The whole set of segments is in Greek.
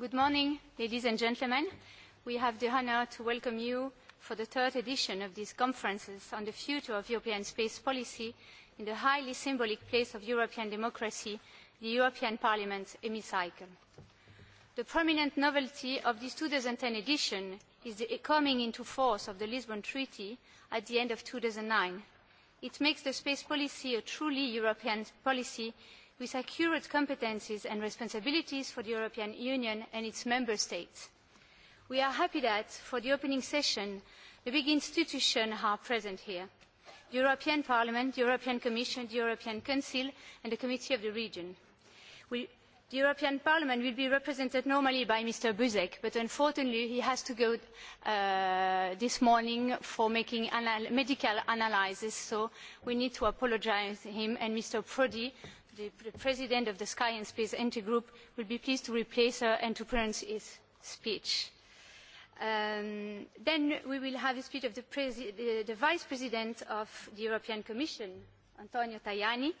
Good morning, ladies and gentlemen. We have the honor to welcome you for the third edition of these conferences on the future of European space policy in the highly symbolic place of European democracy, the European Parliament hemicycle. The prominent novelty of this 2010 edition is the coming into force of the Lisbon Treaty at the end of 2009. It makes the space policy a truly European policy with accurate competences and responsibilities for the European Union and its member states. We are happy that, for the opening session, the big institutions are present here. The European Parliament, the European Commission, the European Council and the Committee of the Region. The European Parliament will be represented normally by Mr. Buzek, but unfortunately he has to go this morning for making medical analysis, so we need to apologise him and Mr. Prodi the President of the Sky and Space Group will be pleased to replace her and to pronounce his speech. Then we will have a speech of the Vice President of the European Commission, Antonio Tajani.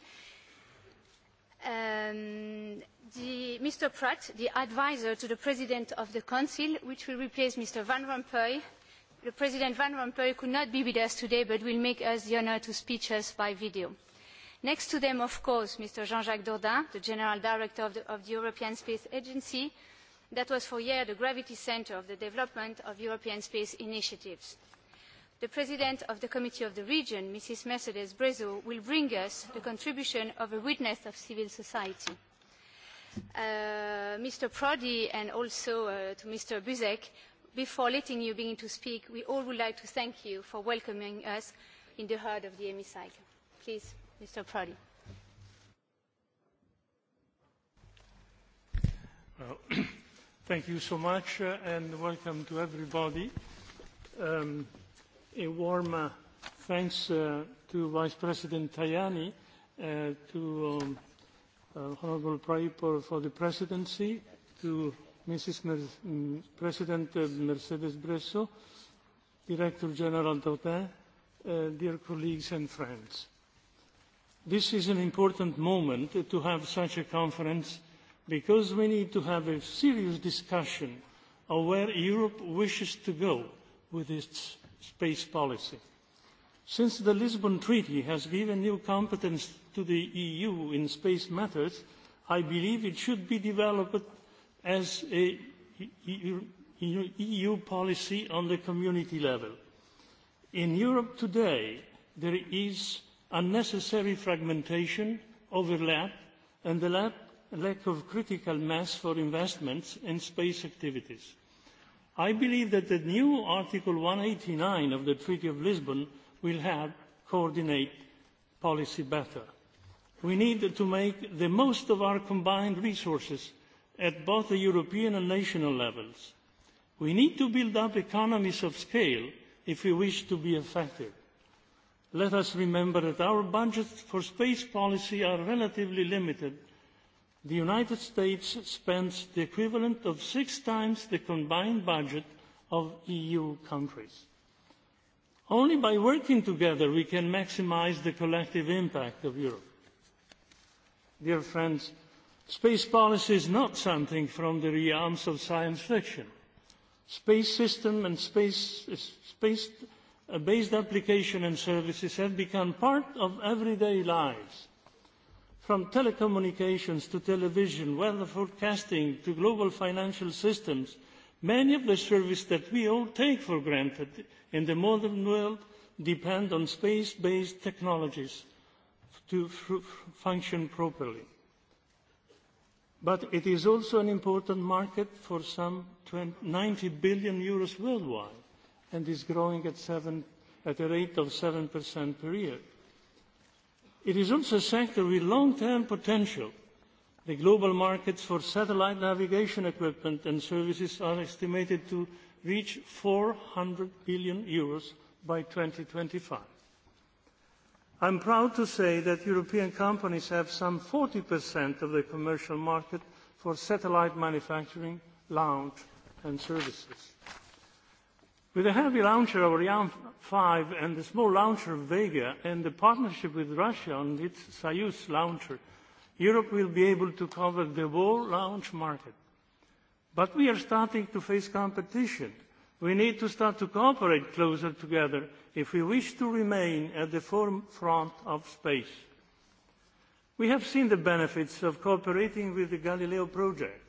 Mr. Pratt, the advisor to the President of the Council, which will replace Mr. Van Rompuy. President Van Rompuy could not be with us today, but will make us the honour to speak us by video. Next to them, of course, Mr. Jean-Jacques Dordain, the General Director of the European Space Agency, that was for years the gravity centre of the development of European space initiatives. The President of the Committee of the Region, Mrs. Mercedes Brezo, will bring us the contribution of a witness of civil society. Mr. Prodi and also to Mr. Buzek, before letting you begin to speak, we all would like to thank you for welcoming us in the heart of the hemicycle. Please. Mr. Prodi. Thank you so much and welcome to everybody. A warm thanks to Vice President Tajani, to Honourable Praipur for the presidency, to Mrs. President Mercedes Bresso, Director General Dautin, dear colleagues and friends. This is an important moment to have such a conference because we need to have a serious discussion of where Europe wishes to go with its space policy. Since the Lisbon Treaty has given new competence to the EU in space matters, I believe it should be developed as a EU policy on the community level. In Europe today, there is unnecessary fragmentation, overlap, and the lack of critical mass for investments in space activities. I believe that the new Article 189 of the Treaty of Lisbon will help coordinate policy better. We need to make the most of our combined resources at both the European and national levels. We need to build up economies of scale if we wish to be effective. Let us remember that our budgets for space policy are relatively limited. The United States spends the equivalent of six times the combined budget of EU countries. Only by working together we can maximise the collective impact of Europe. Dear friends, space policy is not something from the realms of science fiction. Space system and space based application and services have become part of everyday lives. From telecommunications to television, weather forecasting to global financial systems, many of the services that we all take for granted in the modern world depend on space-based technologies to function properly. But it is also an important market for some 90 billion euros worldwide and is growing at seven at a rate of 7% per year. It is also a sector with long-term potential. The global markets for satellite navigation equipment and services are estimated to reach 400 billion euros by 2025. I'm proud to say that European companies have some 40% of the commercial market for satellite manufacturing, launch and services. With the heavy launcher of Ariane 5 and the small launcher of Vega and the partnership with Russia on its Soyuz launcher, Europe will be able to cover the whole launch market. But we are starting to face competition. We need to start to cooperate closer together if we wish to remain at the forefront of space. We have seen the benefits of cooperating with the Galileo project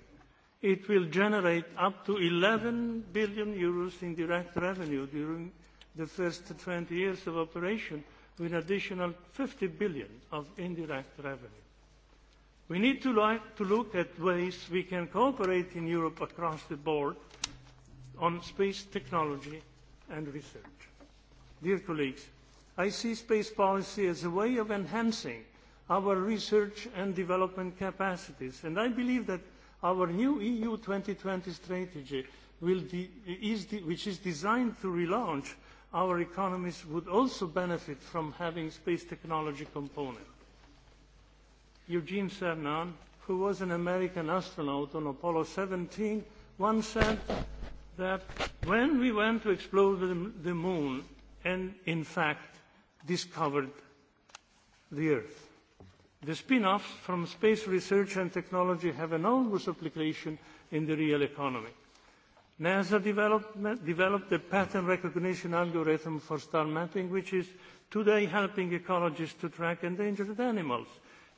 it will generate up to 11 billion euros in direct revenue during the first 20 years of operation, with an additional 50 billion of indirect revenue. We need to look at ways we can cooperate in Europe across the board on space technology and research. Dear colleagues, I see space policy as a way of enhancing our research and development capacities, and I believe that Our new EU 2020 strategy, which is designed to relaunch our economies, would also benefit from having space technology component. Eugene Cernan, who was an American astronaut on Apollo 17, once said that when we went to explore the moon and, in fact, discovered the Earth. The spin-offs from space research and technology have enormous application in the real economy. NASA developed a pattern recognition algorithm for star mapping, which is today helping ecologists to track endangered animals,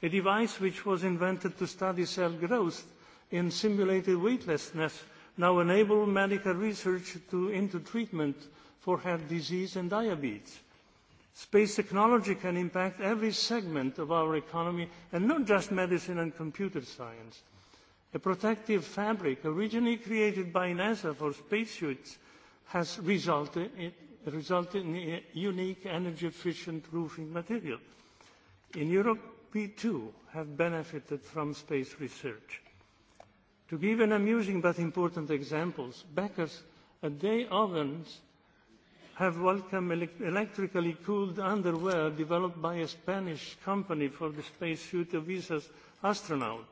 a device which was invented to study cell growth in simulated weightlessness, now enable medical research to into treatment for heart disease and diabetes. Space technology can impact every segment of our economy and not just medicine and computer science. A protective fabric originally created by NASA for spacesuits has resulted in a unique energy efficient roofing material. In Europe, we too have benefited from space research. To give an amusing but important example, Becker's day ovens have welcomed electrically cooled underwear developed by a Spanish company for the space suit of ESA's astronaut.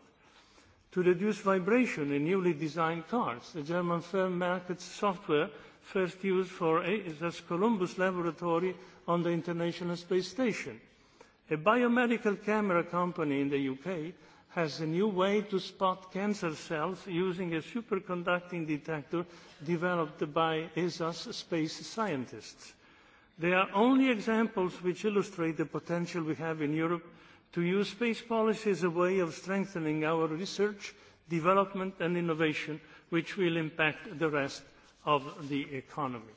To reduce vibration in newly designed cars, the German firm markets software first used for ESA's Columbus Laboratory on the International Space Station. A biomedical camera company in the UK has a new way to spot cancer cells using a superconducting detector developed by ESA's space scientists. They are only examples which illustrate the potential we have in Europe to use space policy as a way of strengthening our research, development and innovation, which will impact the rest of the economy.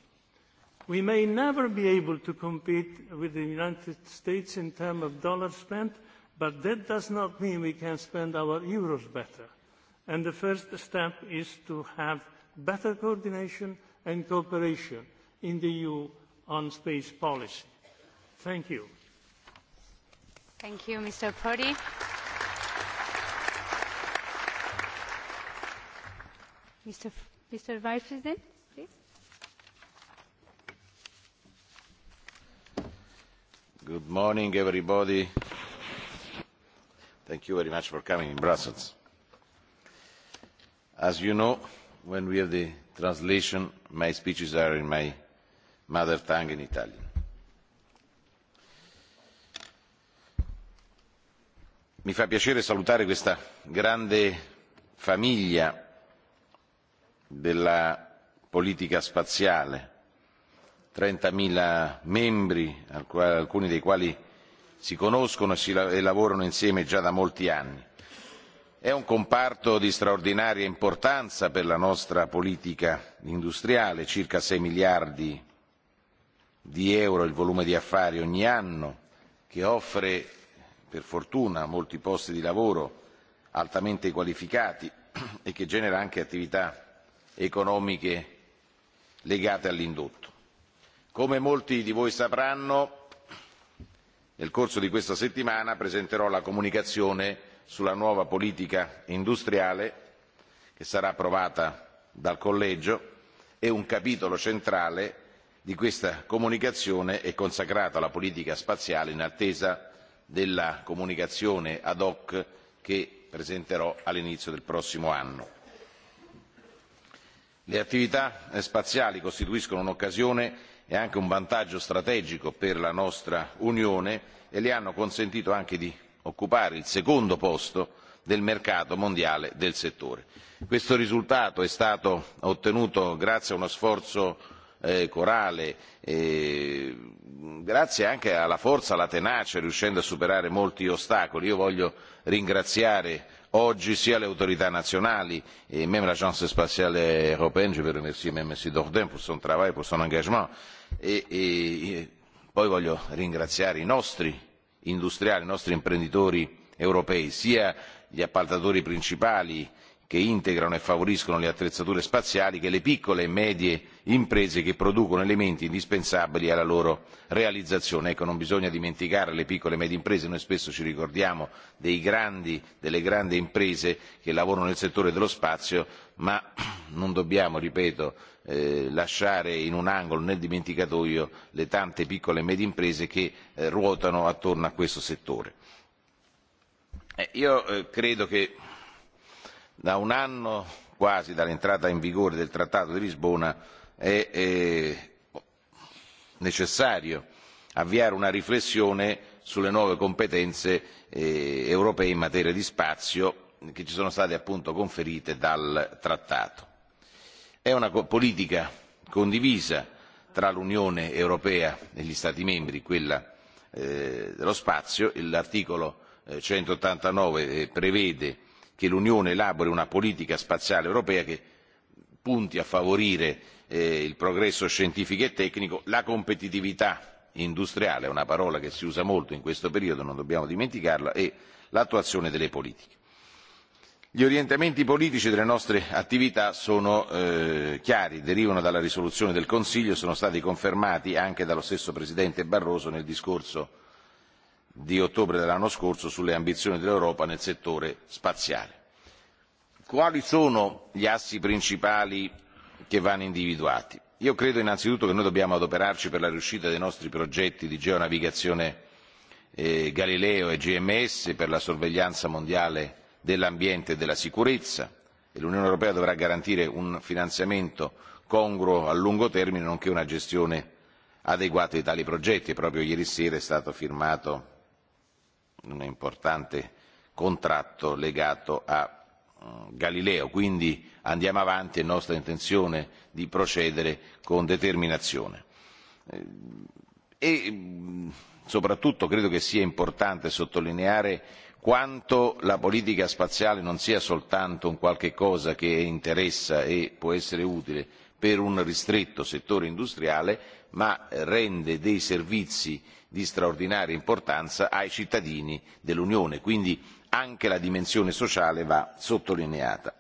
We may never be able to compete with the United States in terms of dollars spent, But that does not mean we can spend our euros better. And the first step is to have better coordination and cooperation in the EU on space policy. Thank you. Thank you, Mr. Mr. Vice President, please. Good morning, everybody Thank you very much for coming in Brussels. As you know, when we have the translation, my speeches are in my mother tongue in Italian. Mi fa piacere salutare questa grande famiglia della politica spaziale, 30.000 membri, alcuni dei quali si conoscono e lavorano insieme già da molti anni. è un comparto di straordinaria importanza per la nostra politica industriale circa sei miliardi di euro il volume di affari ogni anno che offre per fortuna molti posti di lavoro altamente qualificati e che genera anche attività economiche legate all'indotto. come molti di voi sapranno nel corso di questa settimana presenterò la comunicazione sulla nuova politica industriale che sarà approvata dal collegio e un capitolo centrale di questa comunicazione è consacrato alla politica spaziale in attesa della comunicazione ad hoc che presenterò all'inizio del prossimo anno. le attività spaziali costituiscono un'occasione e anche un vantaggio strategico per la nostra unione e le hanno consentito anche di occupare il secondo posto del mercato mondiale del settore. questo risultato è stato ottenuto grazie a uno sforzo corale grazie anche alla forza alla tenacia riuscendo a superare molti ostacoli. io voglio ringraziare oggi sia le autorità nazionali e même l'agence spatiale européenne je veux remercier même m. daerden pour son travail pour son engagement e poi voglio ringraziare i nostri industriali i nostri imprenditori europei sia gli appaltatori principali che integrano e favoriscono le attrezzature spaziali che le piccole e medie imprese che producono elementi indispensabili alla loro realizzazione. Ecco, non bisogna dimenticare le piccole e medie imprese, noi spesso ci ricordiamo delle grandi imprese che lavorano nel settore dello spazio, ma non dobbiamo, ripeto, lasciare in un angolo nel dimenticatoio le tante piccole e medie imprese che ruotano attorno a questo settore. Io credo che da un anno quasi dall'entrata in vigore del trattato di lisbona è necessario avviare una riflessione sulle nuove competenze europee in materia di spazio che ci sono state appunto conferite dal trattato. è una politica condivisa tra l'unione europea e gli stati membri quella dello spazio l'articolo centottantanove prevede che l'unione elabori una politica spaziale europea che punti a favorire il progresso scientifico e tecnico la competitività industriale una parola che si usa molto in questo periodo non dobbiamo dimenticarla e l'attuazione delle politiche. gli orientamenti politici delle nostre attività sono chiari derivano dalla risoluzione del consiglio e sono stati confermati anche dallo stesso presidente barroso nel discorso di ottobre dell'anno scorso sulle ambizioni dell'Europa nel settore spaziale. Quali sono gli assi principali che vanno individuati? Io credo innanzitutto che noi dobbiamo adoperarci per la riuscita dei nostri progetti di geonavigazione Galileo e GMS per la sorveglianza mondiale dell'ambiente e della sicurezza e l'Unione europea dovrà garantire un finanziamento congruo a lungo termine nonché una gestione adeguata di tali progetti. Proprio ieri sera è stato firmato un importante contratto legato a Galileo. Quindi andiamo avanti, è nostra intenzione di procedere con determinazione. E soprattutto credo che sia importante sottolineare quanto la politica spaziale non sia soltanto un qualche cosa che interessa e può essere utile per un ristretto settore industriale ma rende dei servizi di straordinaria importanza ai cittadini dell'unione quindi anche la dimensione sociale va sottolineata.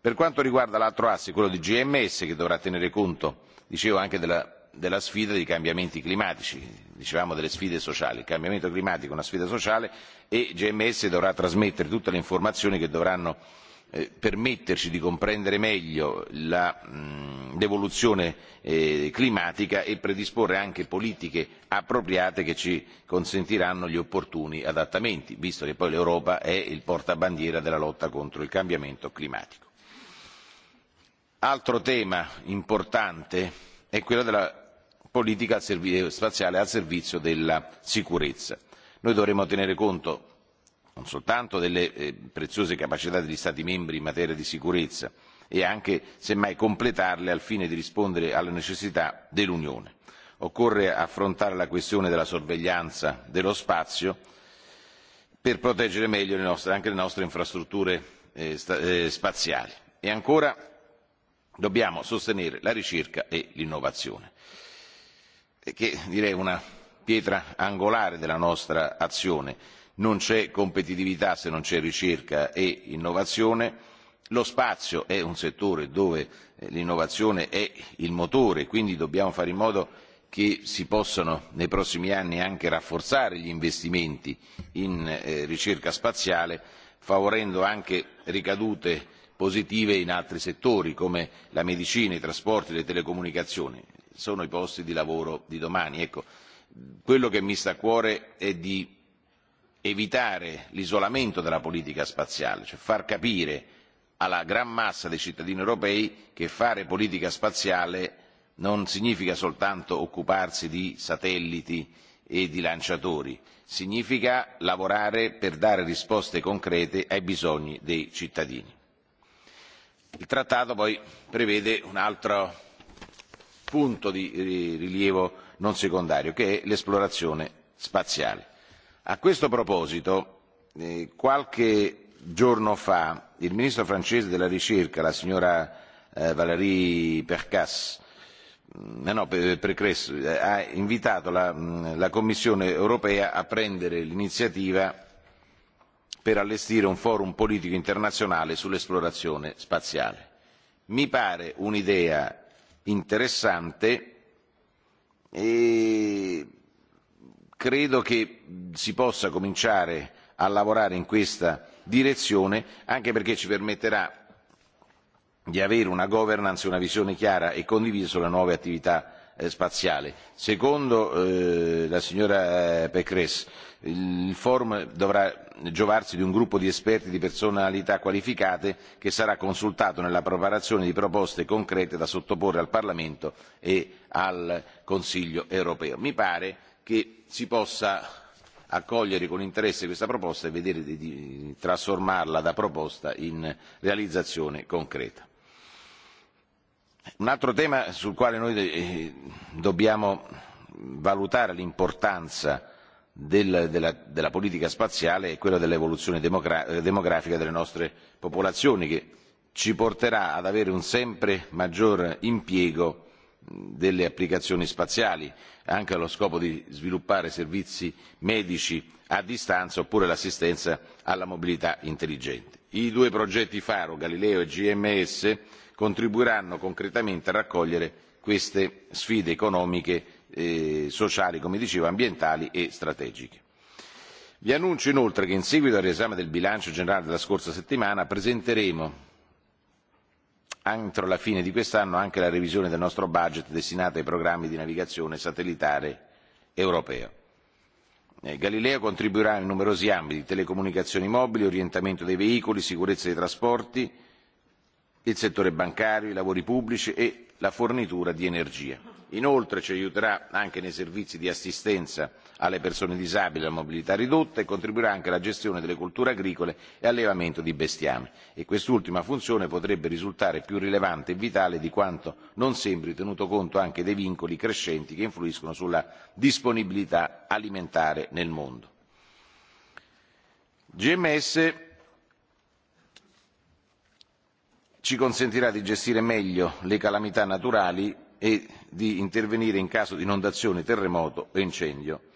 per quanto riguarda l'altro asse quello di gms che dovrà tenere conto dicevo anche della sfida dei cambiamenti climatici dicevamo delle sfide sociali il cambiamento climatico è una sfida sociale e gms dovrà trasmettere tutte le informazioni che dovranno permetterci di comprendere meglio l'evoluzione climatica e predisporre anche politiche appropriate che ci consentiranno gli opportuni adattamenti visto che poi l'europa è il portabandiera della lotta contro il cambiamento climatico. altro tema importante è quello della politica spaziale al servizio della sicurezza. noi dovremo tenere conto non soltanto delle preziose capacità degli Stati membri in materia di sicurezza e anche, semmai, completarle al fine di rispondere alle necessità dell'Unione. Occorre affrontare la questione della sorveglianza dello spazio per proteggere meglio anche le nostre infrastrutture spaziali e ancora dobbiamo sostenere la ricerca e l'innovazione che direi è una pietra angolare della nostra azione non c'è competitività se non c'è ricerca e innovazione lo spazio è un settore dove l'innovazione è il motore quindi dobbiamo fare in modo che si possano nei prossimi anni anche rafforzare gli investimenti in ricerca spaziale favorendo anche ricadute positive in altri settori come la medicina i trasporti le telecomunicazioni sono i posti di lavoro di domani. quello che mi sta a cuore è di evitare l'isolamento della politica spaziale cioè far capire alla gran massa dei cittadini europei che fare politica spaziale non significa soltanto occuparsi di satelliti e di lanciatori significa lavorare per dare risposte concrete ai bisogni dei cittadini. il trattato poi prevede un altro punto di rilievo non secondario che è l'esplorazione spaziale a questo proposito qualche giorno fa il ministro francese della ricerca la signora valérie pécresse ha invitato la commissione europea a prendere l'iniziativa per allestire un forum politico internazionale sull'esplorazione spaziale. mi pare un'idea interessante e credo che si possa cominciare a lavorare in questa direzione anche perché ci permetterà di avere una governance e una visione chiara e condivisa sulle nuove attività spaziali. secondo la signora Pecres il forum dovrà giovarsi di un gruppo di esperti di personalità qualificate che sarà consultato nella preparazione di proposte concrete da sottoporre al parlamento e al consiglio europeo. mi pare che si possa accogliere con interesse questa proposta e vedere di trasformarla da proposta in realizzazione concreta. Un altro tema sul quale noi dobbiamo valutare l'importanza della politica spaziale è quello dell'evoluzione demografica delle nostre popolazioni che ci porterà ad avere un sempre maggior impiego delle applicazioni spaziali anche allo scopo di sviluppare servizi medici a distanza oppure l'assistenza alla mobilità intelligente. i due progetti faro galileo e gms contribuiranno concretamente a raccogliere queste sfide economiche sociali come dicevo ambientali e strategiche. vi annuncio inoltre che in seguito al riesame del bilancio generale della scorsa settimana presenteremo entro la fine di quest'anno anche la revisione del nostro budget destinato ai programmi di navigazione satellitare europeo. galileo contribuirà in numerosi ambiti telecomunicazioni mobili orientamento dei veicoli sicurezza dei trasporti il settore bancario i lavori pubblici e la fornitura di energia. inoltre ci aiuterà anche nei servizi di assistenza alle persone disabili e alla mobilità ridotta e contribuirà anche alla gestione delle colture agricole e all'allevamento di bestiame e quest'ultima funzione potrebbe risultare più rilevante e vitale di quanto non sembri tenuto conto anche dei vincoli crescenti che influiscono sulla disponibilità alimentare nel mondo. gms ci consentirà di gestire meglio le calamità naturali e di intervenire in caso di inondazione terremoto e incendio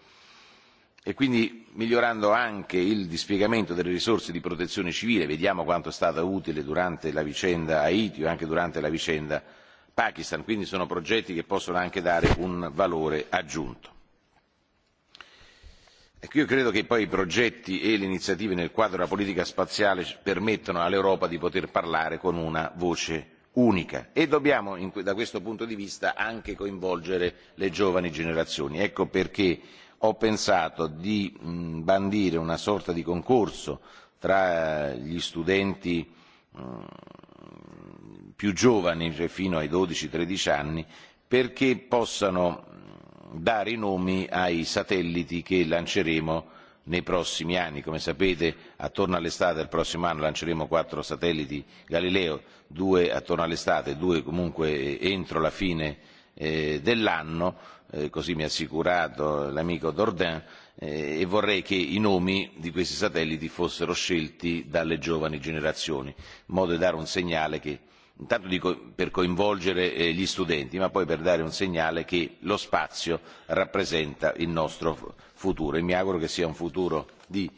e quindi migliorando anche il dispiegamento delle risorse di protezione civile vediamo quanto è stata utile durante la vicenda haiti o anche durante la vicenda pakistan quindi sono progetti che possono anche dare un valore aggiunto. io credo che poi i progetti e le iniziative nel quadro della politica spaziale permettano all'europa di poter parlare con una voce unica e dobbiamo da questo punto di vista anche coinvolgere le giovani generazioni ecco perché ho pensato di bandire una sorta di concorso tra gli studenti più giovani cioè fino ai 12-13 anni perché possano dare i nomi ai satelliti che lanceremo nei prossimi anni. Come sapete attorno all'estate del prossimo anno lanceremo quattro satelliti Galileo, due attorno all'estate e due comunque entro la fine dell'anno così mi ha assicurato l'amico Dordain, e vorrei che i nomi di questi satelliti fossero scelti dalle giovani generazioni, in modo da dare un segnale che intanto per coinvolgere gli studenti, ma poi per dare un segnale che lo spazio rappresenta il nostro futuro e mi auguro che sia un futuro di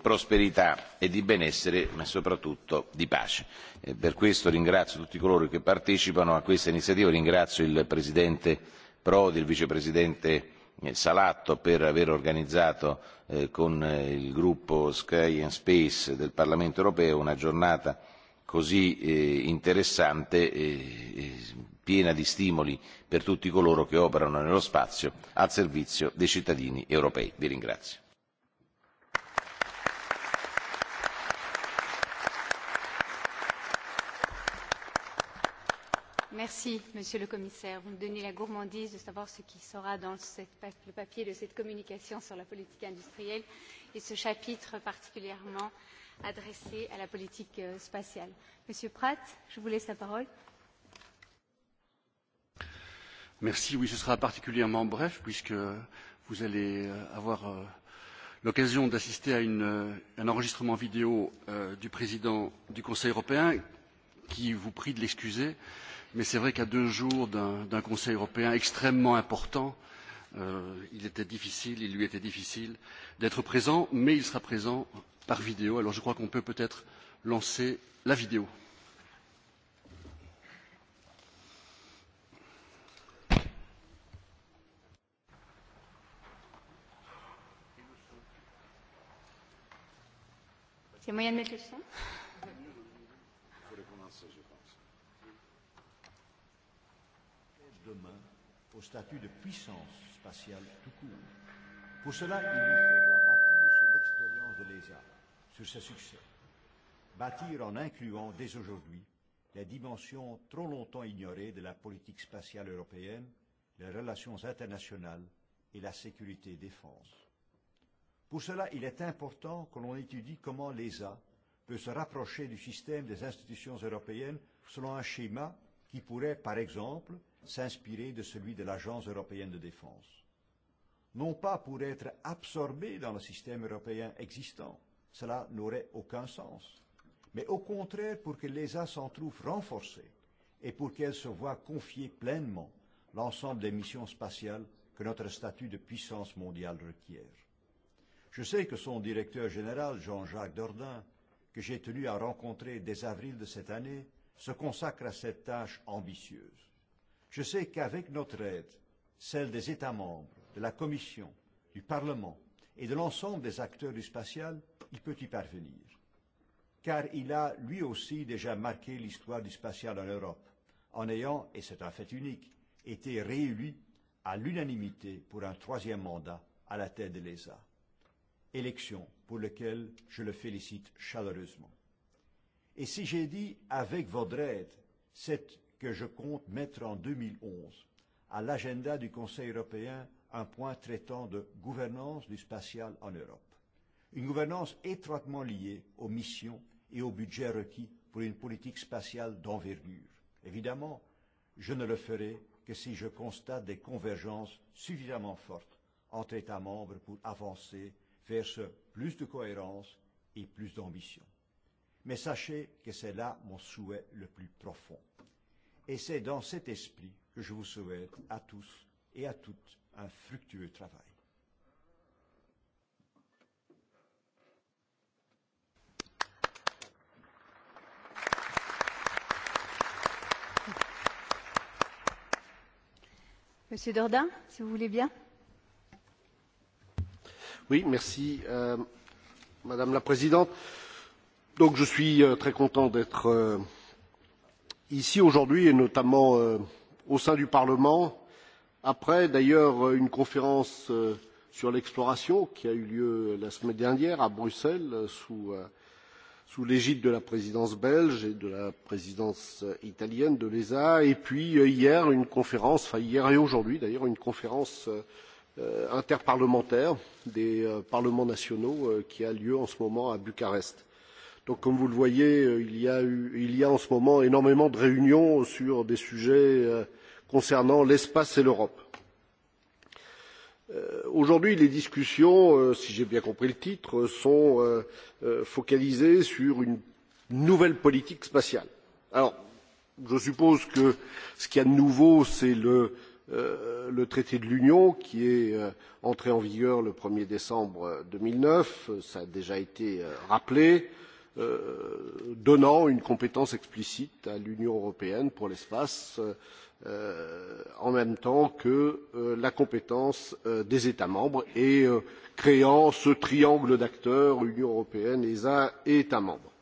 prosperità e di benessere, ma soprattutto di pace. Per questo ringrazio tutti coloro che partecipano a questa iniziativa, ringrazio il Presidente Prodi, il vicepresidente Salatto per aver organizzato con il gruppo Sky and Space del Parlamento europeo una giornata così interessante e piena di stimoli per tutti coloro che operano nello spazio al servizio dei cittadini europei. Vi Merci, Monsieur le Commissaire. Vous me donnez la gourmandise de savoir ce qui sera dans le papier de cette communication sur la politique industrielle et ce chapitre particulièrement adressé à la politique spatiale. Monsieur Pratt, je vous laisse la parole. Merci. Oui, ce sera particulièrement bref puisque vous allez avoir l'occasion d'assister à un enregistrement vidéo du président du Conseil européen qui vous prie de l'excuser mais c'est vrai qu'à deux jours d'un Conseil européen extrêmement important, il était difficile, il lui était difficile d'être présent, mais il sera présent par vidéo. Alors je crois qu'on peut peut-être lancer la vidéo. C'est moyen de mettre le demain au statut de puissance spatiale tout court. Pour cela, il nous faudra bâtir sur l'expérience de l'ESA, sur ses succès. Bâtir en incluant dès aujourd'hui les dimensions trop longtemps ignorées de la politique spatiale européenne, les relations internationales et la sécurité-défense. Pour cela, il est important que l'on étudie comment l'ESA peut se rapprocher du système des institutions européennes selon un schéma qui pourrait, par exemple, s'inspirer de celui de l'Agence européenne de défense. Non pas pour être absorbé dans le système européen existant, cela n'aurait aucun sens, mais au contraire pour que l'ESA s'en trouve renforcée et pour qu'elle se voit confier pleinement l'ensemble des missions spatiales que notre statut de puissance mondiale requiert. Je sais que son directeur général, Jean-Jacques Dordain, que j'ai tenu à rencontrer dès avril de cette année, se consacre à cette tâche ambitieuse. Je sais qu'avec notre aide, celle des États membres, de la Commission, du Parlement et de l'ensemble des acteurs du spatial, il peut y parvenir. Car il a lui aussi déjà marqué l'histoire du spatial en Europe, en ayant, et c'est un fait unique, été réélu à l'unanimité pour un troisième mandat à la tête de l'ESA. Élection pour laquelle je le félicite chaleureusement. Et si j'ai dit avec votre aide, cette que je compte mettre en 2011 à l'agenda du Conseil européen un point traitant de gouvernance du spatial en Europe. Une gouvernance étroitement liée aux missions et aux budgets requis pour une politique spatiale d'envergure. Évidemment, je ne le ferai que si je constate des convergences suffisamment fortes entre États membres pour avancer vers ce plus de cohérence et plus d'ambition. Mais sachez que c'est là mon souhait le plus profond. Et c'est dans cet esprit que je vous souhaite à tous et à toutes un fructueux travail. Monsieur Dordain, si vous voulez bien. Oui, merci Madame la Présidente. Donc je suis très content d'être ici aujourd'hui et notamment au sein du Parlement, après d'ailleurs une conférence sur l'exploration qui a eu lieu la semaine dernière à Bruxelles sous l'égide de la présidence belge et de la présidence italienne de l'ESA, et puis hier une conférence, enfin hier et aujourd'hui d'ailleurs, une conférence interparlementaire des parlements nationaux qui a lieu en ce moment à Bucarest. Donc, comme vous le voyez, il y a en ce moment énormément de réunions sur des sujets concernant l'espace et l'Europe. Aujourd'hui, les discussions, si j'ai bien compris le titre, sont focalisées sur une nouvelle politique spatiale. Alors, je suppose que ce qu'il y a de nouveau, c'est le traité de l'Union qui est entré en vigueur le 1er décembre 2009. Ça a déjà été rappelé donnant une compétence explicite à l'Union européenne pour l'espace, en même temps que la compétence des États membres, et créant ce triangle d'acteurs Union européenne, ESA et États membres.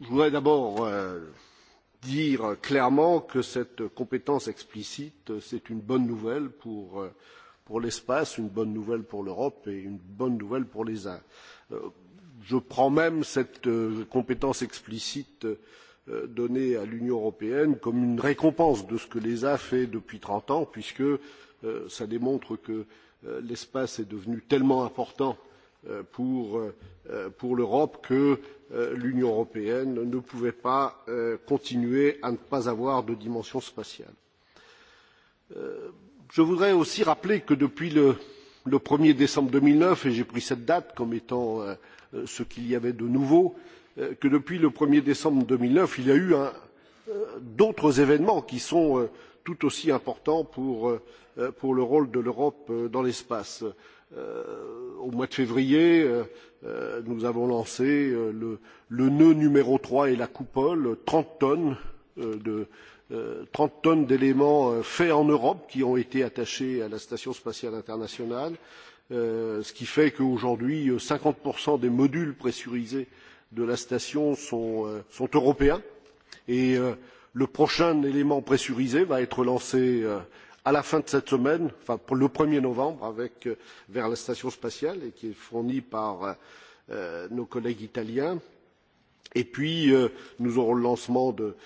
Je voudrais d'abord dire clairement que cette compétence explicite, c'est une bonne nouvelle pour l'espace, une bonne nouvelle pour l'Europe et une bonne nouvelle pour l'ESA je prends même cette compétence explicite donnée à l'union européenne comme une récompense de ce que l'esa fait depuis trente ans puisque cela démontre que l'espace est devenu tellement important pour l'europe que l'union européenne ne pouvait pas continuer à ne pas avoir de dimension spatiale. je voudrais aussi rappeler que depuis le un er décembre deux mille neuf et j'ai pris cette date comme étant ce qu'il y avait de nouveau que depuis le 1er décembre 2009 il y a eu d'autres événements qui sont tout aussi importants pour le rôle de l'Europe dans l'espace au mois de février nous avons lancé le nœud numéro trois et la coupole trente tonnes de 30 tonnes d'éléments faits en Europe qui ont été attachés à la station spatiale internationale ce qui fait qu'aujourd'hui 50% des modules pressurisés de la station sont européens et le prochain élément pressurisé va être lancé à la fin de cette semaine, enfin le 1er novembre vers la station spatiale et qui est fourni par nos collègues italiens. Et puis nous aurons le lancement de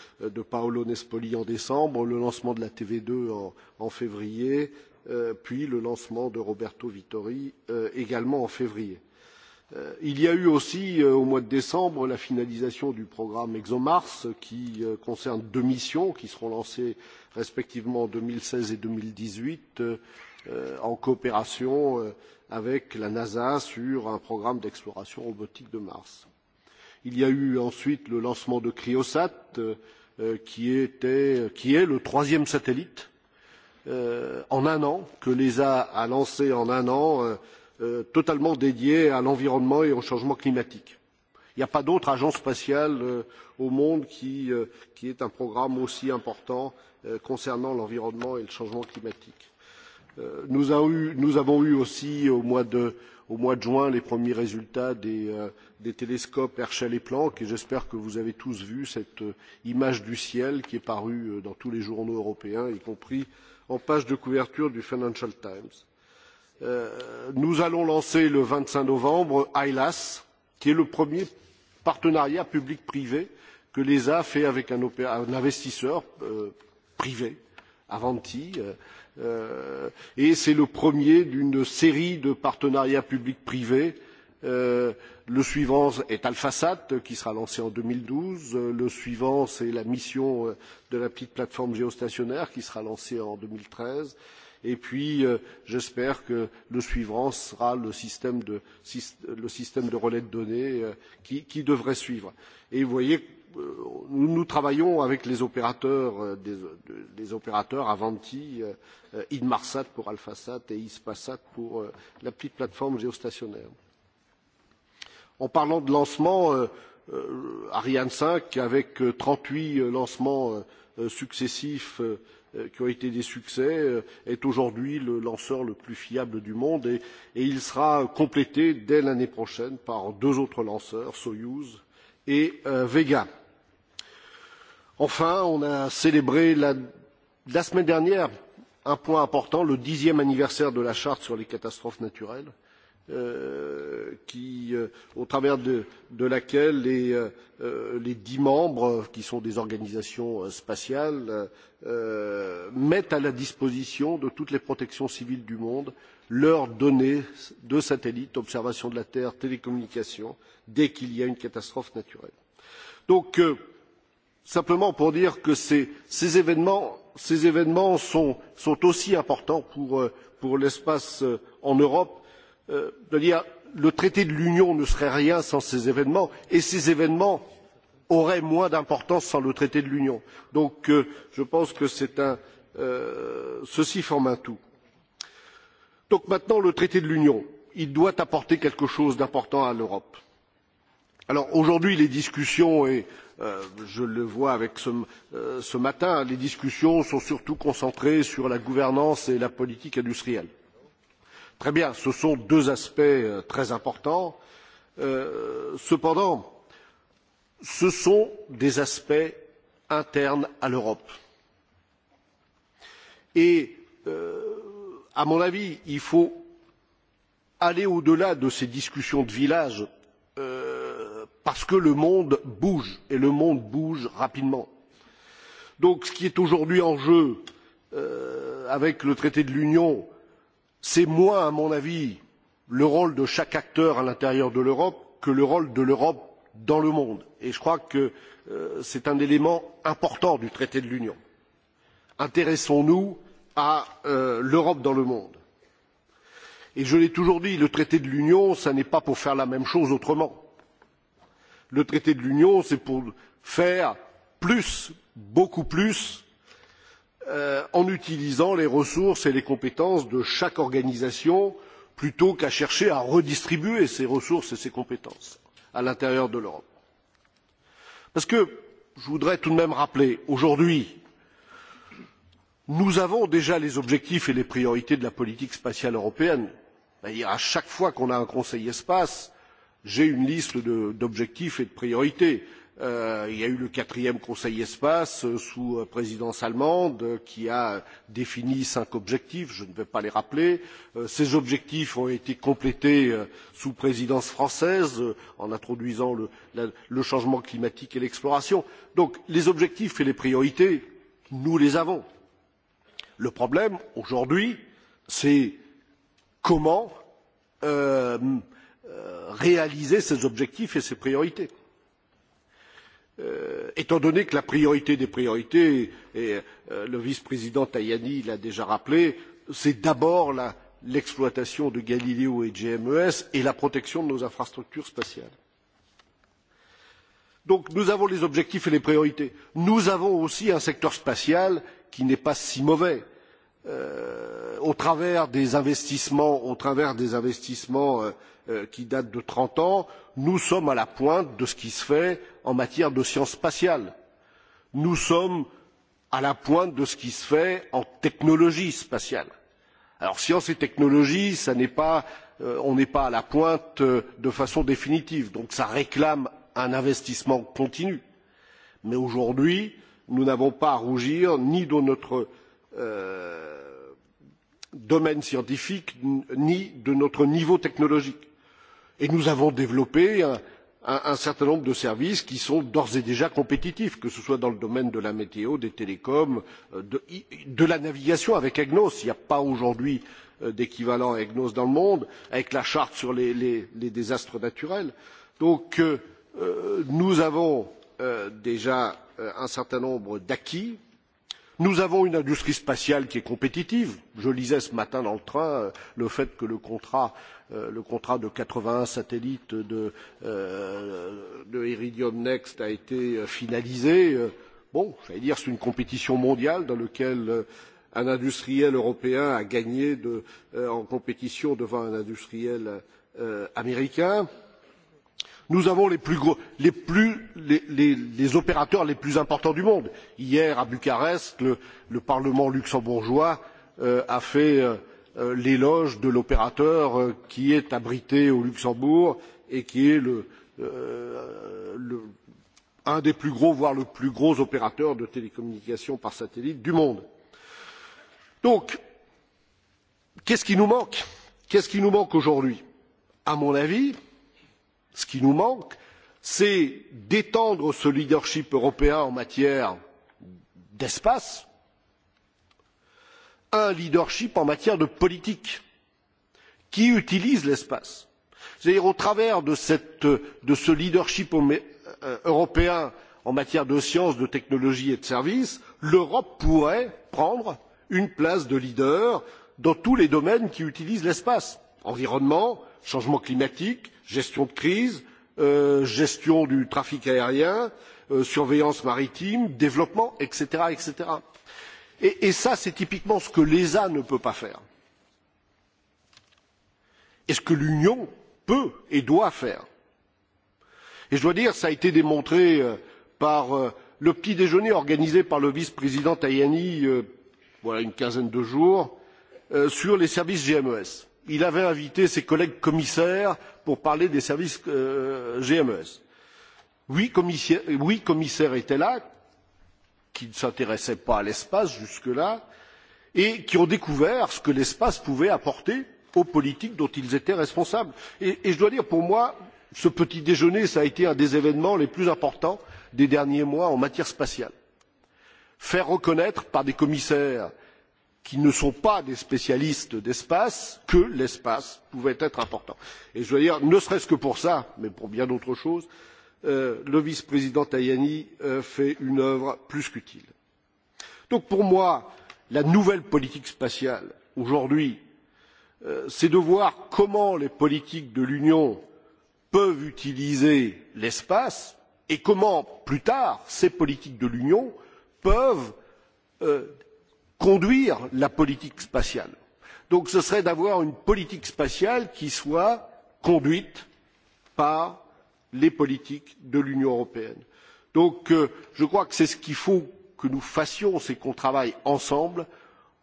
Paolo Nespoli en décembre, le lancement de la TV2 en février puis le lancement de Roberto Vittori également en février. Il y a eu aussi au mois de décembre la finalisation du programme ExoMars qui concerne deux missions qui seront lancées respectivement en seize et deux mille dix huit, en coopération avec la NASA sur un programme d'exploration robotique de Mars. Il y a eu ensuite le lancement de Cryosat qui est le troisième satellite en un an, que l'ESA a lancé en un an, totalement dédié à l'environnement et au changement climatique. Il n'y a pas d'autre agence spatiale au monde qui ait un programme aussi important concernant l'environnement et le changement climatique. Nous avons eu aussi au mois de juin les premiers résultats des télescopes Herschel et Planck et j'espère que vous avez tous vu cette image du ciel qui est parue dans tous les journaux européens, y compris en page de couverture du Financial Times. Nous allons lancer le 25 novembre ILAS, qui est le premier partenariat public-privé que l'ESA fait avec un investisseur privé, Avanti, et c'est le premier d'une série de partenariats public-privés Le suivant est AlphaSat, qui sera lancé en 2012. Le suivant, c'est la mission de la petite plateforme géostationnaire, qui sera lancée en 2013. Et puis, j'espère que le suivant sera le système de relais de données qui devrait suivre. Et vous voyez, nous travaillons avec les opérateurs, des opérateurs Avanti, Inmarsat pour AlphaSat et Ispasat pour la petite plateforme géostationnaire en parlant de lancement Ariane 5 avec trente huit lancements successifs qui ont été des succès est aujourd'hui le lanceur le plus fiable du monde et il sera complété dès l'année prochaine par deux autres lanceurs Soyouz et Vega. Enfin, on a célébré la semaine dernière un point important, le dixième anniversaire de la charte sur les catastrophes naturelles au travers de laquelle les dix membres qui sont des organisations spatiales mettent à la disposition de toutes les protections civiles du monde leurs données de satellites observation de la terre télécommunications dès qu'il y a une catastrophe naturelle. donc simplement pour dire que ces événements sont aussi importants pour l'espace en europe de dire le traité de l'union ne serait rien sans ces événements et ces événements auraient moins d'importance sans le traité de l'union. donc je pense que ceci forme un tout. maintenant le traité de l'union doit apporter quelque chose d'important à l'europe. alors aujourd'hui les discussions et je le vois avec ce matin les discussions sont surtout concentrées sur la gouvernance et la politique industrielle. Très bien, ce sont deux aspects très importants. Cependant, ce sont des aspects internes à l'Europe. Et, à mon avis, il faut aller au-delà de ces discussions de village parce que le monde bouge et le monde bouge rapidement. Donc, ce qui est aujourd'hui en jeu avec le traité de l'Union c'est moins à mon avis le rôle de chaque acteur à l'intérieur de l'europe que le rôle de l'europe dans le monde et je crois que c'est un élément important du traité de l'union. intéressons nous à l'europe dans le monde. et je l'ai toujours dit le traité de l'union ce n'est pas pour faire la même chose autrement. le traité de l'union c'est pour faire plus beaucoup plus en utilisant les ressources et les compétences de chaque organisation plutôt qu'à chercher à redistribuer ces ressources et ces compétences à l'intérieur de l'europe. parce que je voudrais tout de même rappeler aujourd'hui nous avons déjà les objectifs et les priorités de la politique spatiale européenne à chaque fois qu'on a un conseil espace j'ai une liste d'objectifs et de priorités. Il y a eu le quatrième Conseil espace sous présidence allemande qui a défini cinq objectifs, je ne vais pas les rappeler. Ces objectifs ont été complétés sous présidence française en introduisant le changement climatique et l'exploration. Donc les objectifs et les priorités, nous les avons. Le problème aujourd'hui, c'est comment réaliser ces objectifs et ces priorités étant donné que la priorité des priorités et le vice président tajani l'a déjà rappelé c'est d'abord l'exploitation de galileo et de gmes et la protection de nos infrastructures spatiales. donc nous avons les objectifs et les priorités. nous avons aussi un secteur spatial qui n'est pas si mauvais au travers des investissements au travers des investissements qui datent de 30 ans nous sommes à la pointe de ce qui se fait en matière de sciences spatiales nous sommes à la pointe de ce qui se fait en technologie spatiale. alors science et technologies on n'est pas à la pointe de façon définitive donc cela réclame un investissement continu mais aujourd'hui nous n'avons pas à rougir ni de notre domaine scientifique ni de notre niveau technologique et nous avons développé un certain nombre de services qui sont d'ores et déjà compétitifs que ce soit dans le domaine de la météo des télécoms de la navigation avec egnos il n'y a pas aujourd'hui d'équivalent à egnos dans le monde avec la charte sur les désastres naturels. donc nous avons déjà un certain nombre d'acquis nous avons une industrie spatiale qui est compétitive je lisais ce matin dans le train le fait que le contrat de quatre vingt un satellites de next a été finalisé. bon j'allais dire c'est une compétition mondiale dans laquelle un industriel européen a gagné en compétition devant un industriel américain nous avons les opérateurs les plus importants du monde. hier à bucarest le parlement luxembourgeois a fait l'éloge de l'opérateur qui est abrité au luxembourg et qui est un des plus gros voire le plus gros opérateur de télécommunications par satellite du monde. donc qu'est ce qui nous manque? qu'est ce qui nous manque aujourd'hui? à mon avis ce qui nous manque c'est d'étendre ce leadership européen en matière d'espace un leadership en matière de politique qui utilise l'espace. c'est à dire au travers de ce leadership européen en matière de sciences de technologies et de services l'europe pourrait prendre une place de leader dans tous les domaines qui utilisent l'espace environnement changement climatique, gestion de crise, gestion du trafic aérien, surveillance maritime, développement, etc. Et ça, c'est typiquement ce que l'ESA ne peut pas faire. Et ce que l'Union peut et doit faire. Et je dois dire, ça a été démontré par le petit déjeuner organisé par le vice-président Tajani, voilà une quinzaine de jours, sur les services GMES il avait invité ses collègues commissaires pour parler des services gmes. huit commissaires étaient là qui ne s'intéressaient pas à l'espace jusque là et qui ont découvert ce que l'espace pouvait apporter aux politiques dont ils étaient responsables. je dois dire pour moi ce petit déjeuner a été un des événements les plus importants des derniers mois en matière spatiale. faire reconnaître par des commissaires qui ne sont pas des spécialistes d'espace que l'espace pouvait être important. Et je dois dire, ne serait-ce que pour cela, mais pour bien d'autres choses, le vice-président Tajani fait une œuvre plus qu'utile. Donc pour moi, la nouvelle politique spatiale, aujourd'hui, c'est de voir comment les politiques de l'Union peuvent utiliser l'espace et comment, plus tard, ces politiques de l'Union peuvent conduire la politique spatiale. donc ce serait d'avoir une politique spatiale qui soit conduite par les politiques de l'union européenne. je crois que c'est ce qu'il faut que nous fassions c'est qu'on travaille ensemble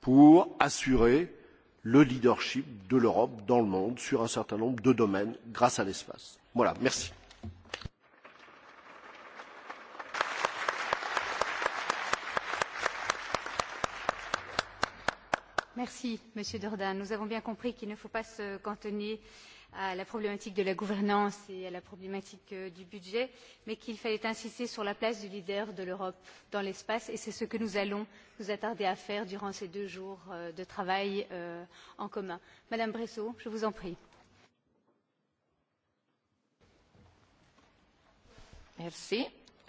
pour assurer le leadership de l'europe dans le monde sur un certain nombre de domaines grâce à l'espace. voilà merci. Merci, Monsieur Dordain. Nous avons bien compris qu'il ne faut pas se cantonner à la problématique de la gouvernance et à la problématique du budget, mais qu'il fallait insister sur la place du leader de l'Europe dans l'espace, et c'est ce que nous allons nous attarder à faire durant ces deux jours de travail en commun. Madame Bressot, je vous en prie. Merci.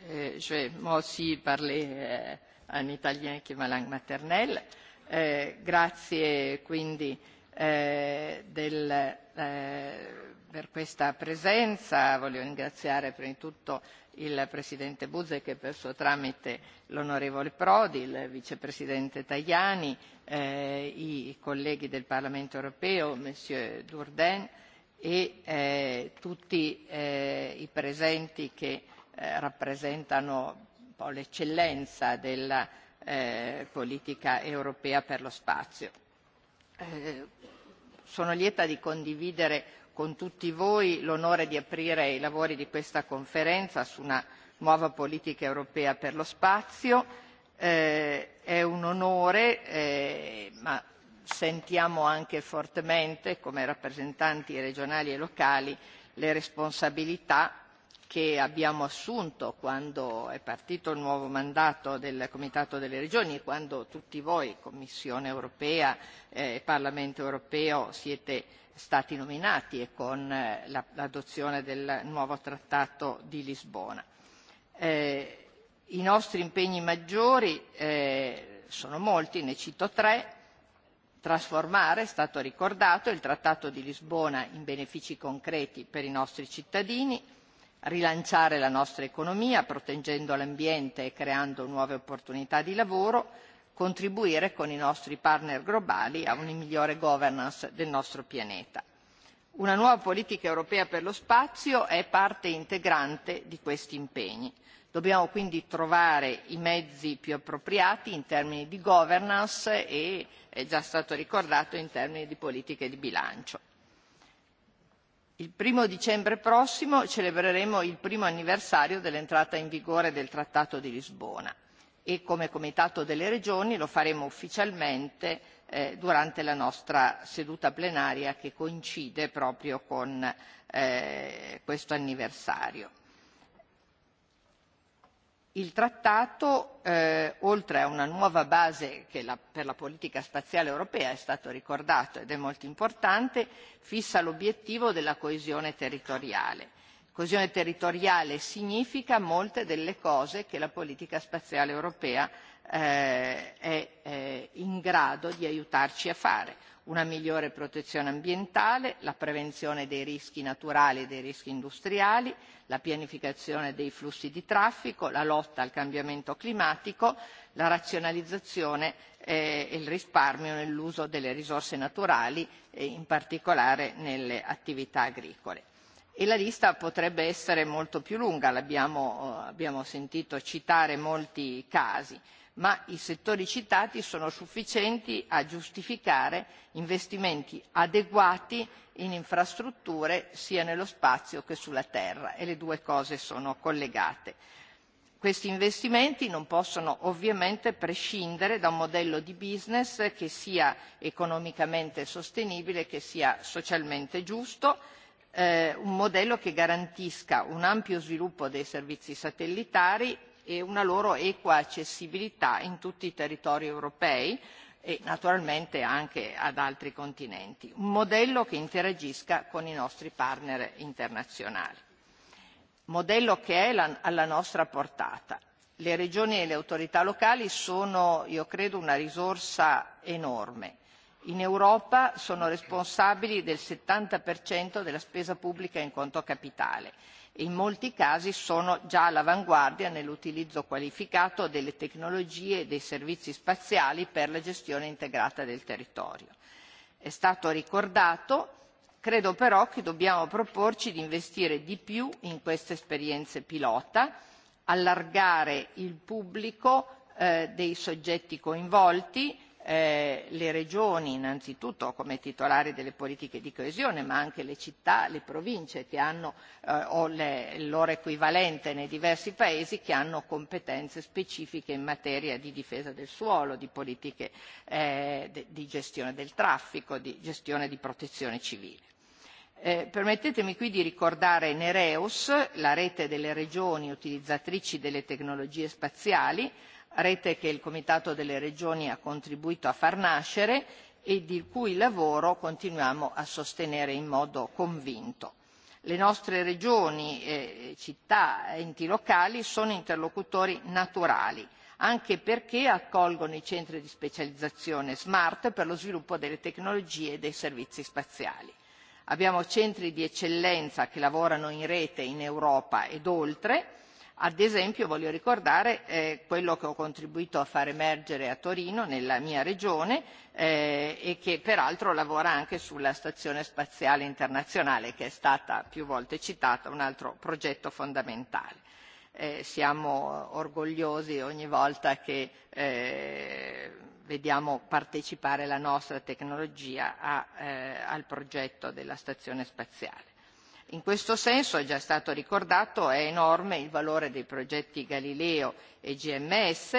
Je vais moi aussi parler en italien, qui est ma langue maternelle Grazie quindi per questa presenza. Voglio ringraziare prima di tutto il Presidente Buzek e per suo tramite l'onorevole Prodi, il Vicepresidente Tajani, i colleghi del Parlamento europeo, Monsieur Durden e tutti i presenti che rappresentano un l'eccellenza della politica europea per lo spazio. Sono lieta di condividere con tutti voi l'onore di aprire i lavori di questa conferenza su una nuova politica europea per lo spazio. È un onore, ma sentiamo anche fortemente, come rappresentanti regionali e locali, le responsabilità che abbiamo assunto quando è partito il nuovo mandato del Comitato delle Regioni e quando tutti voi, Commissione europea e Parlamento europeo, siete stati nominati e con l'adozione del nuovo Trattato di Lisbona. I nostri impegni maggiori sono molti, ne cito tre. Trasformare, è stato ricordato, il Trattato di Lisbona in benefici concreti per i nostri cittadini rilanciare la nostra economia proteggendo l'ambiente e creando nuove opportunità di lavoro contribuire con i nostri partner globali a una migliore governance del nostro pianeta. una nuova politica europea per lo spazio è parte integrante di questi impegni. dobbiamo quindi trovare i mezzi più appropriati in termini di governance e è già stato ricordato in termini di politiche di bilancio il primo dicembre prossimo celebreremo il primo anniversario dell'entrata in vigore del trattato di lisbona e come comitato delle regioni lo faremo ufficialmente durante la nostra seduta plenaria che coincide proprio con questo anniversario il trattato oltre a una nuova base che per la politica spaziale europea è stato ricordato ed è molto importante fissa l'obiettivo della coesione territoriale. coesione territoriale significa molte delle cose che la politica spaziale europea è in grado di aiutarci a fare una migliore protezione ambientale la prevenzione dei rischi naturali e dei rischi industriali la pianificazione dei flussi di traffico la lotta al cambiamento climatico la razionalizzazione e il risparmio nell'uso delle risorse naturali in particolare nelle attività agricole. la lista potrebbe essere molto più lunga, abbiamo sentito citare molti casi ma i settori citati sono sufficienti a giustificare investimenti adeguati in infrastrutture sia nello spazio che sulla terra e le due cose sono collegate. Questi investimenti non possono ovviamente prescindere da un modello di business che sia economicamente sostenibile, che sia socialmente giusto, un modello che garantisca un ampio sviluppo dei servizi satellitari e una loro equa accessibilità in tutti i territori europei e naturalmente anche ad altri continenti un modello che interagisca con i nostri partner internazionali modello che è alla nostra portata le regioni e le autorità locali sono io credo una risorsa enorme in europa sono responsabili del 70% della spesa pubblica in conto capitale in molti casi sono già all'avanguardia nell'utilizzo qualificato delle tecnologie e dei servizi spaziali per la gestione integrata del territorio. È stato ricordato, credo però che dobbiamo proporci di investire di più in queste esperienze pilota, allargare il pubblico dei soggetti coinvolti, le regioni innanzitutto come titolari delle politiche di coesione ma anche le città le province che hanno o il loro equivalente nei diversi paesi che hanno competenze specifiche in materia di difesa del suolo di politiche di gestione del traffico di gestione di protezione civile. permettetemi qui di ricordare nereus la rete delle regioni utilizzatrici delle tecnologie spaziali rete che il Comitato delle Regioni ha contribuito a far nascere e di cui lavoro continuiamo a sostenere in modo convinto. Le nostre regioni, città e enti locali sono interlocutori naturali, anche perché accolgono i centri di specializzazione smart per lo sviluppo delle tecnologie e dei servizi spaziali. Abbiamo centri di eccellenza che lavorano in rete in Europa ed oltre Ad esempio voglio ricordare quello che ho contribuito a far emergere a Torino, nella mia regione, e che peraltro lavora anche sulla Stazione Spaziale Internazionale, che è stata più volte citata, un altro progetto fondamentale. Siamo orgogliosi ogni volta che vediamo partecipare la nostra tecnologia al progetto della Stazione Spaziale in questo senso è già stato ricordato è enorme il valore dei progetti galileo e gms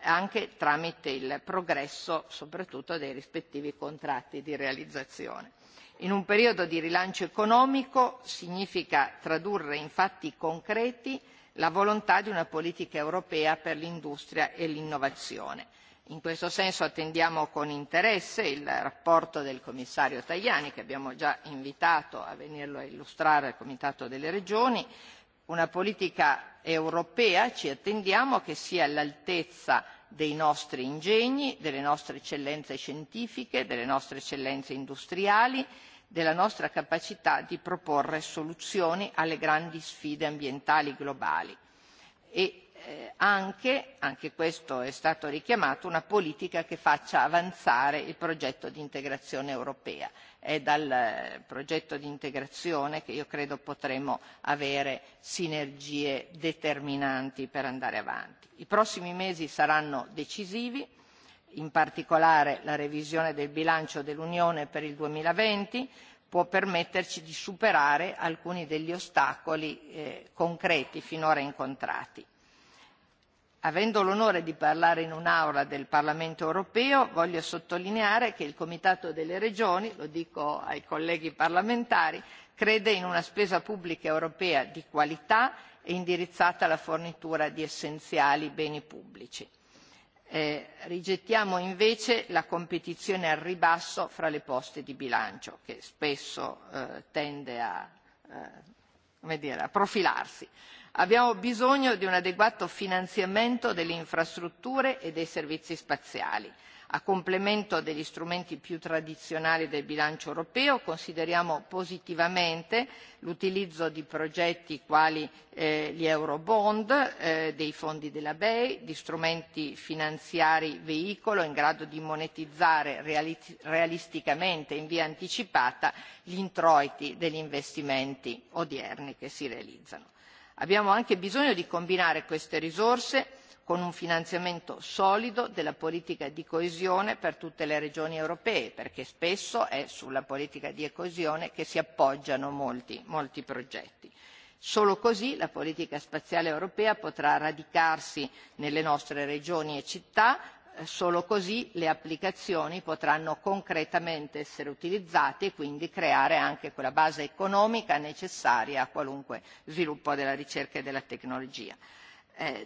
anche tramite il progresso soprattutto dei rispettivi contratti di realizzazione. in un periodo di rilancio economico significa tradurre in fatti concreti la volontà di una politica europea per l'industria e l'innovazione. In questo senso attendiamo con interesse il rapporto del commissario Tajani, che abbiamo già invitato a venirlo a illustrare al Comitato delle Regioni. Una politica europea ci attendiamo che sia all'altezza dei nostri ingegni, delle nostre eccellenze scientifiche, delle nostre eccellenze industriali, della nostra capacità di proporre soluzioni alle grandi sfide ambientali globali e anche anche questo è stato richiamato una politica che faccia avanzare il progetto di integrazione europea è dal progetto di integrazione che io credo potremo avere sinergie determinanti per andare avanti i prossimi mesi saranno decisivi in particolare la revisione del bilancio dell'unione per il 2020 può permetterci di superare alcuni degli ostacoli concreti finora incontrati Avendo l'onore di parlare in un'aula del Parlamento europeo, voglio sottolineare che il Comitato delle Regioni, lo dico ai colleghi parlamentari, crede in una spesa pubblica europea di qualità e indirizzata alla fornitura di essenziali beni pubblici. Rigettiamo invece la competizione al ribasso fra le poste di bilancio, che spesso tende a profilarsi Abbiamo bisogno di un adeguato finanziamento delle infrastrutture e dei servizi spaziali. A complemento degli strumenti più tradizionali del bilancio europeo consideriamo positivamente l'utilizzo di progetti quali gli Eurobond, dei fondi della BEI, di strumenti finanziari veicolo in grado di monetizzare realisticamente in via anticipata gli introiti degli investimenti odierni che si realizzano abbiamo anche bisogno di combinare queste risorse con un finanziamento solido della politica di coesione per tutte le regioni europee perché spesso è sulla politica di coesione che si appoggiano molti progetti. solo così la politica spaziale europea potrà radicarsi nelle nostre regioni e città solo così le applicazioni potranno concretamente essere utilizzate e quindi creare anche quella base economica necessaria a qualunque sviluppo della ricerca e della tecnologia.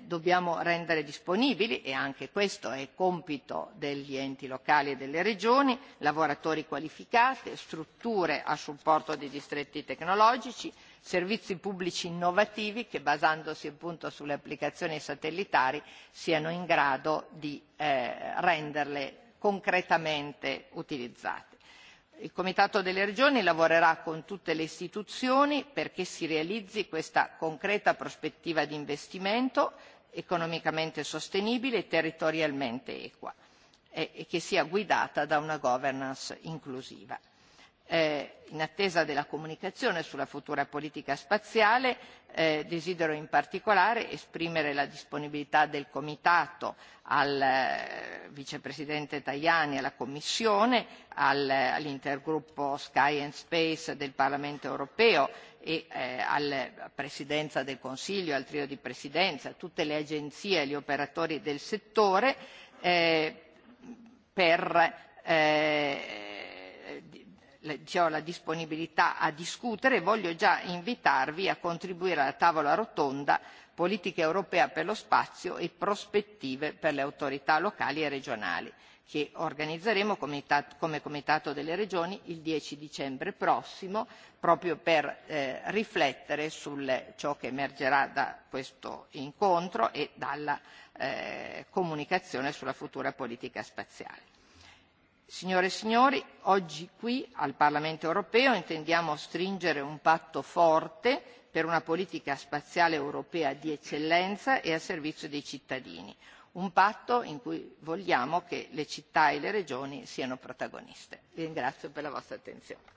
Dobbiamo rendere disponibili e anche questo è compito degli enti locali e delle regioni lavoratori qualificati, strutture a supporto dei distretti tecnologici servizi pubblici innovativi che basandosi appunto sulle applicazioni satellitari siano in grado di renderle concretamente utilizzate. Il Comitato delle Regioni lavorerà con tutte le istituzioni perché si realizzi questa concreta prospettiva di investimento economicamente sostenibile e territorialmente equa e che sia guidata da una governance inclusiva in attesa della comunicazione sulla futura politica spaziale desidero in particolare esprimere la disponibilità del comitato al vicepresidente tajani alla commissione all'intergruppo sky and space del parlamento europeo e alla presidenza del consiglio al trio di presidenza a tutte le agenzie e gli operatori del settore per ho la disponibilità a discutere e voglio già invitarvi a contribuire alla tavola rotonda politica europea per lo spazio e prospettive per le autorità locali e regionali che organizzeremo come comitato delle regioni il 10 dicembre prossimo proprio per riflettere su ciò che emergerà da questo incontro e dalla comunicazione sulla futura politica spaziale. Signore e signori, oggi qui al Parlamento europeo intendiamo stringere un patto forte per una politica spaziale europea di eccellenza e a servizio dei cittadini, un patto in cui vogliamo che le città e le regioni siano protagoniste. Vi ringrazio per la vostra attenzione.